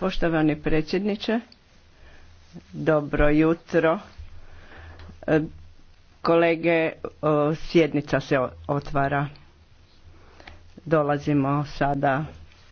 Poštovani predsjedniče, dobro jutro. E, kolege, e, sjednica se otvara. Dolazimo sada